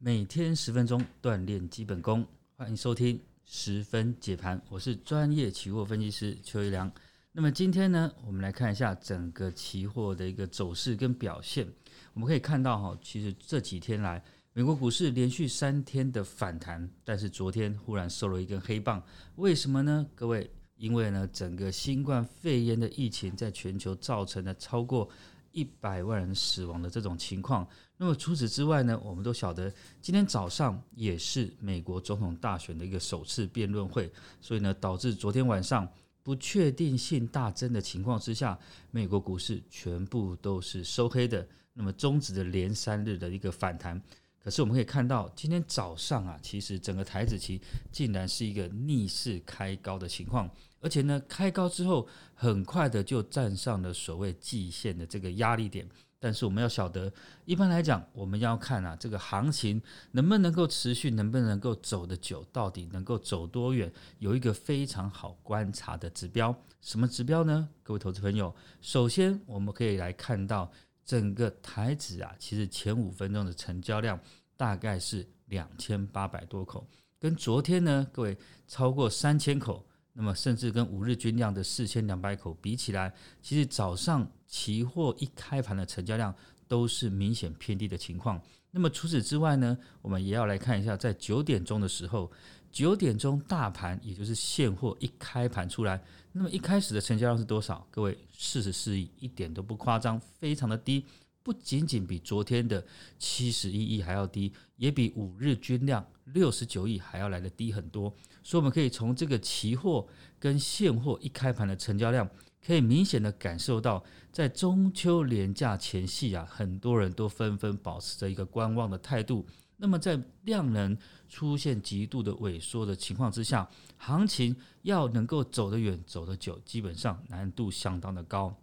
每天十分鐘鍛鍊基本功，歡迎收聽《十分解盤》，我是專業期貨分析師邱一良。那麼今天呢，我們來看一下整個期貨的一個走勢跟表現。我們可以看到哈，其實這幾天來，美國股市連續三天的反彈，但是昨天忽然收了一根黑棒，為什麼呢？各位，因為呢，整個新冠肺炎的疫情在全球造成了超過，一百萬人死亡的這種情況，那麼除此之外呢，我們都曉得，今天早上也是美國總統大選的一個首次辯論會，所以呢，導致昨天晚上不確定性大增的情況之下，美國股市全部都是收黑的，那麼終止的連三日的一個反彈。可是我們可以看到，今天早上啊，其實整個台指期竟然是一個逆勢開高的情況。而且呢，開高之後，很快的就站上了所謂季線的這個壓力點。但是我們要曉得，一般來講，我們要看啊，這個行情能不能夠持續，能不能夠走得久，到底能夠走多遠，有一個非常好觀察的指標。什麼指標呢？各位投資朋友，首先我們可以來看到整個台指啊，其實前五分鐘的成交量大概是兩千八百多口，跟昨天呢，各位超過三千口。那麼，甚至跟五日均量的四千兩百口比起來，其實早上期貨一開盤的成交量都是明顯偏低的情況。那麼除此之外呢，我們也要來看一下，在九點鐘的時候，九點鐘大盤也就是現貨一開盤出來，那麼一開始的成交量是多少？各位，四十四億，一點都不誇張，非常的低，不僅僅比昨天的七十一億還要低，也比五日均量。六十九億還要來得低很多，所以我們可以從這個期貨跟現貨一開盤的成交量，可以明顯的感受到，在中秋連假前夕啊，很多人都紛紛保持着一個觀望的態度。那麼在量能出現極度的萎縮的情況之下，行情要能夠走得遠、走得久，基本上難度相當的高。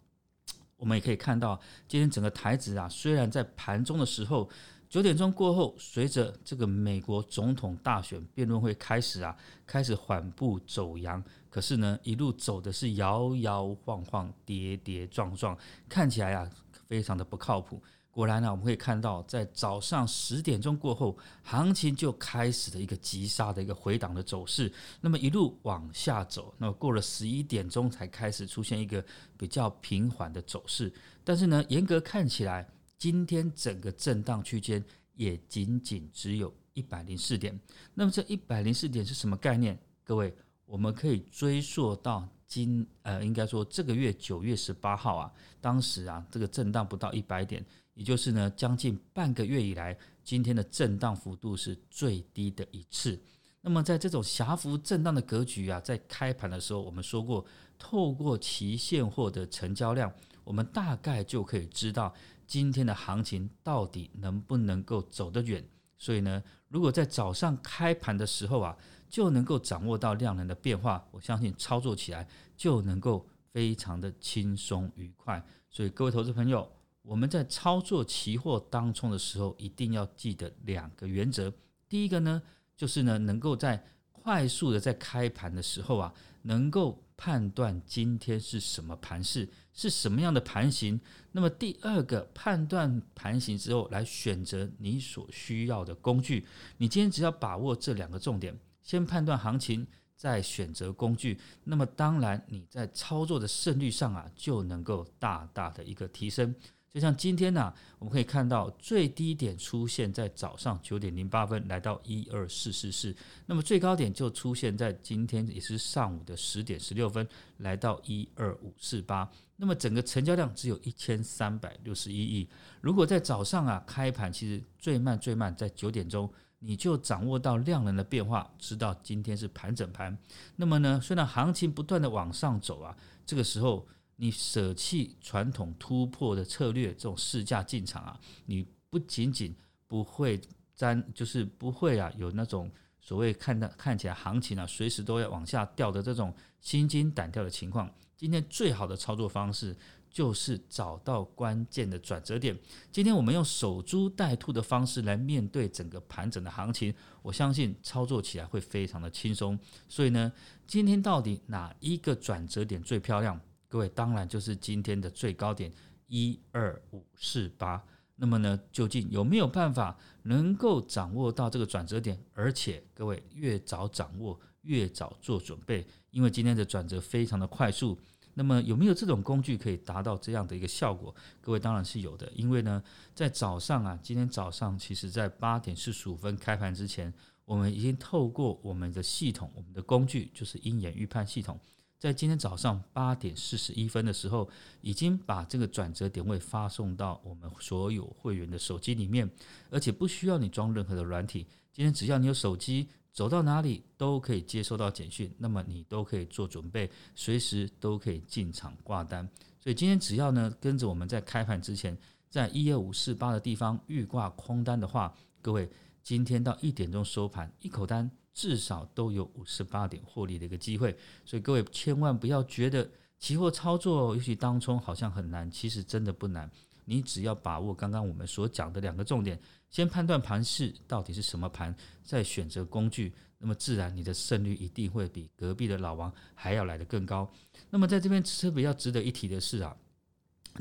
我們也可以看到，今天整個台指啊，雖然在盤中的時候。九點鐘過後，隨着這個美國總統大選辯論會開始啊，開始緩步走揚。可是呢，一路走的是搖搖晃晃、跌跌撞撞，看起來啊，非常的不靠譜。果然呢、啊，我們可以看到，在早上十點鐘過後，行情就開始了一個急殺的一個回檔的走勢。那麼一路往下走，那麼過了十一點鐘才開始出現一個比較平緩的走勢。但是呢，嚴格看起來，今天整個震盪區間也僅僅只有一百零四點，那麼這一百零四點是什麼概念？各位，我們可以追溯到今呃，應該說這個月九月十八號啊，當時啊這個震盪不到一百點，也就是呢將近半個月以來，今天的震盪幅度是最低的一次。那麼在這種狹幅震盪的格局啊，在開盤的時候我們說過，透過期現貨的成交量，我們大概就可以知道。今天的行情到底能不能夠走得遠？所以呢，如果在早上開盤的時候啊，就能夠掌握到量能的變化，我相信操作起來就能夠非常的輕鬆愉快。所以各位投資朋友，我們在操作期貨當沖的時候，一定要記得兩個原則。第一個呢，就是呢，能夠在快速的在開盤的時候啊，能夠。判斷今天是什麼盤勢，是什麼樣的盤型。那麼第二個，判斷盤型之後，來選擇你所需要的工具。你今天只要把握這兩個重點，先判斷行情，再選擇工具。那麼當然，你在操作的勝率上啊，就能夠大大的一個提升。就像今天呢、啊，我們可以看到最低點出現在早上九點零八分，來到一二四四四；那麼最高點就出現在今天也是上午的十點十六分，來到一二五四八。那麼整個成交量只有一千三百六十一億。如果在早上啊開盤，其實最慢最慢在九點鐘，你就掌握到量能的變化，知道今天是盤整盤。那麼呢，雖然行情不斷的往上走啊，這個時候。你捨棄傳統突破的策略，這種市價進場啊，你不僅僅不會沾，就是不會啊，有那種所謂看到看起來行情啊，隨時都要往下掉的這種心驚膽跳的情況。今天最好的操作方式就是找到關鍵的轉折點。今天我們用守株待兔的方式來面對整個盤整的行情，我相信操作起來會非常的輕鬆。所以呢，今天到底哪一個轉折點最漂亮？各位，當然就是今天的最高點一二五四八。那麼呢，究竟有沒有辦法能夠掌握到這個轉折點？而且，各位越早掌握，越早做準備，因為今天的轉折非常的快速。那麼，有沒有這種工具可以達到這樣的一個效果？各位當然是有的，因為呢，在早上啊，今天早上其實在八點四十五分開盤之前，我們已經透過我們的系統，我們的工具就是鷹眼預判系統。在今天早上八點四十一分的時候，已經把這個轉折點位發送到我們所有會員的手機裡面，而且不需要你裝任何的軟體。今天只要你有手機，走到哪裡都可以接收到簡訊，那麼你都可以做準備，隨時都可以進場掛單。所以今天只要呢，跟着我們在開盤之前，在一二五四八的地方預掛空單的話，各位，今天到一點鐘收盤一口單。至少都有五十八點獲利的一個機會，所以各位千萬不要覺得期貨操作，尤其當沖好像很難，其實真的不難。你只要把握剛剛我們所講的兩個重點，先判斷盤勢到底是什麼盤，再選擇工具，那麼自然你的勝率一定會比隔壁的老王還要來得更高。那麼在這邊是比較值得一提的是啊，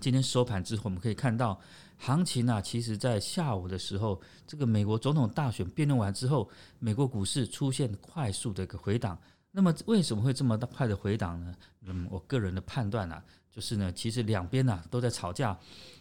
今天收盤之後，我們可以看到，行情呢、啊，其實在下午的時候，這個美國總統大選辯論完之後，美國股市出現快速的一個回檔。那麼為什麼會這麼快的回檔呢？嗯，我個人的判斷啊，就是呢，其實兩邊呢、啊、都在吵架。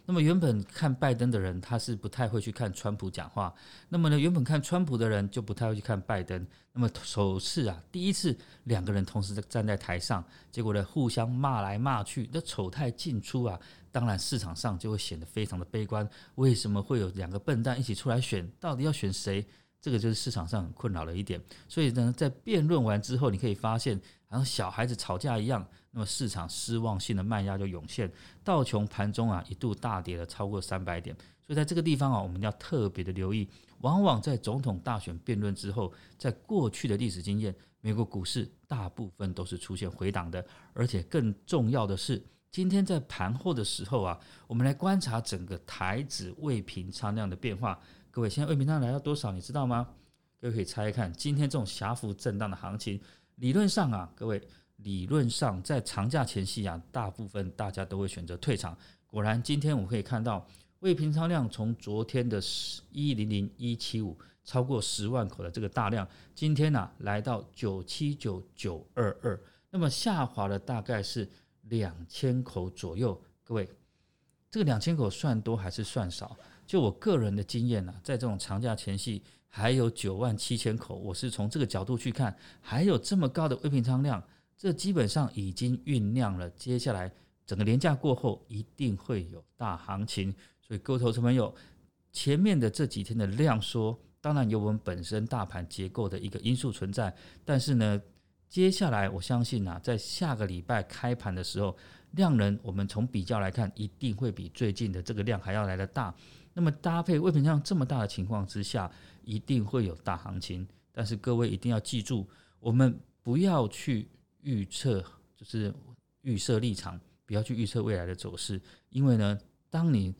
那麼原本看拜登的人，他是不太會去看川普講話。那麼呢，原本看川普的人就不太會去看拜登。那麼首次啊，第一次兩個人同時站在台上，結果呢，互相罵來罵去，那醜態盡出啊。當然，市場上就會顯得非常的悲觀。為什麼會有兩個笨蛋一起出來選？到底要選誰？這個就是市場上很困擾的一點。所以呢，在辯論完之後，你可以發現，好像小孩子吵架一樣。那麼市場失望性的賣壓就湧現，道瓊盤中啊一度大跌了超過三百點。所以在這個地方啊，我們要特別的留意。往往在總統大選辯論之後，在過去的歷史經驗，美國股市大部分都是出現回檔的。而且更重要的是，今天在盤後的時候啊，我們來觀察整個台指未平倉量的變化。各位，現在未平倉量來到多少？你知道嗎？各位可以猜一看，今天這種狹幅震盪的行情，理論上啊，各位理論上在長假前夕啊，大部分大家都會選擇退場。果然，今天我們可以看到未平倉量從昨天的十一零零一七五，超過十萬口的這個大量，今天呢、啊、來到九七九九二二，那麼下滑了大概是。兩千口左右，各位，這個兩千口算多還是算少？就我個人的經驗呢、啊，在這種長假前夕，還有九萬七千口，我是從這個角度去看，還有這麼高的未平倉量，這基本上已經醞釀了接下來整個年假過後一定會有大行情。所以各位投資朋友，前面的這幾天的量縮，當然有我們本身大盤結構的一個因素存在，但是呢。接下來，我相信啊，在下個禮拜開盤的時候，量能我們從比較來看，一定會比最近的這個量還要來得大。那麼搭配未平倉量這麼大的情況之下，一定會有大行情。但是各位一定要記住，我們不要去預測，就是預設立場，不要去預測未來的走勢，因為呢，當你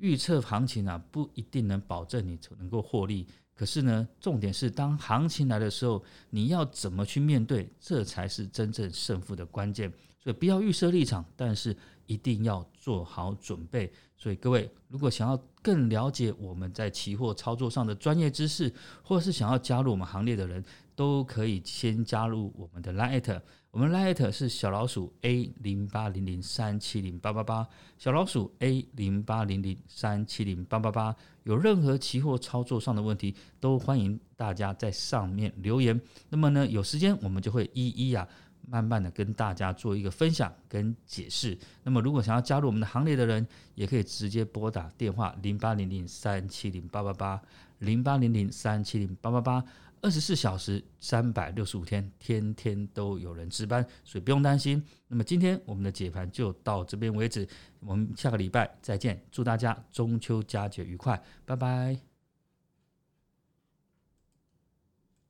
預測行情啊，不一定能保證你能夠獲利。可是呢，重點是當行情來的時候，你要怎麼去面對，這才是真正勝負的關鍵。所以不要預設立場，但是一定要做好準備。所以各位，如果想要更了解我們在期貨操作上的專業知識，或者是想要加入我們行列的人，都可以先加入我們的 Line。我們 Line@ 是小老鼠 A 零八零零三七零八八八，小老鼠 A 零八零零三七零八八八，有任何期貨操作上的問題，都歡迎大家在上面留言。那麼呢，有時間我們就會一一啊。慢慢的跟大家做一個分享跟解釋。那麼，如果想要加入我們的行列的人，也可以直接撥打電話零八零零三七零八八八，零八零零三七零八八八，二十四小時三百六十五天，天天都有人值班，所以不用擔心。那麼，今天我們的解盤就到這邊為止，我們下個禮拜再見，祝大家中秋佳節愉快，拜拜。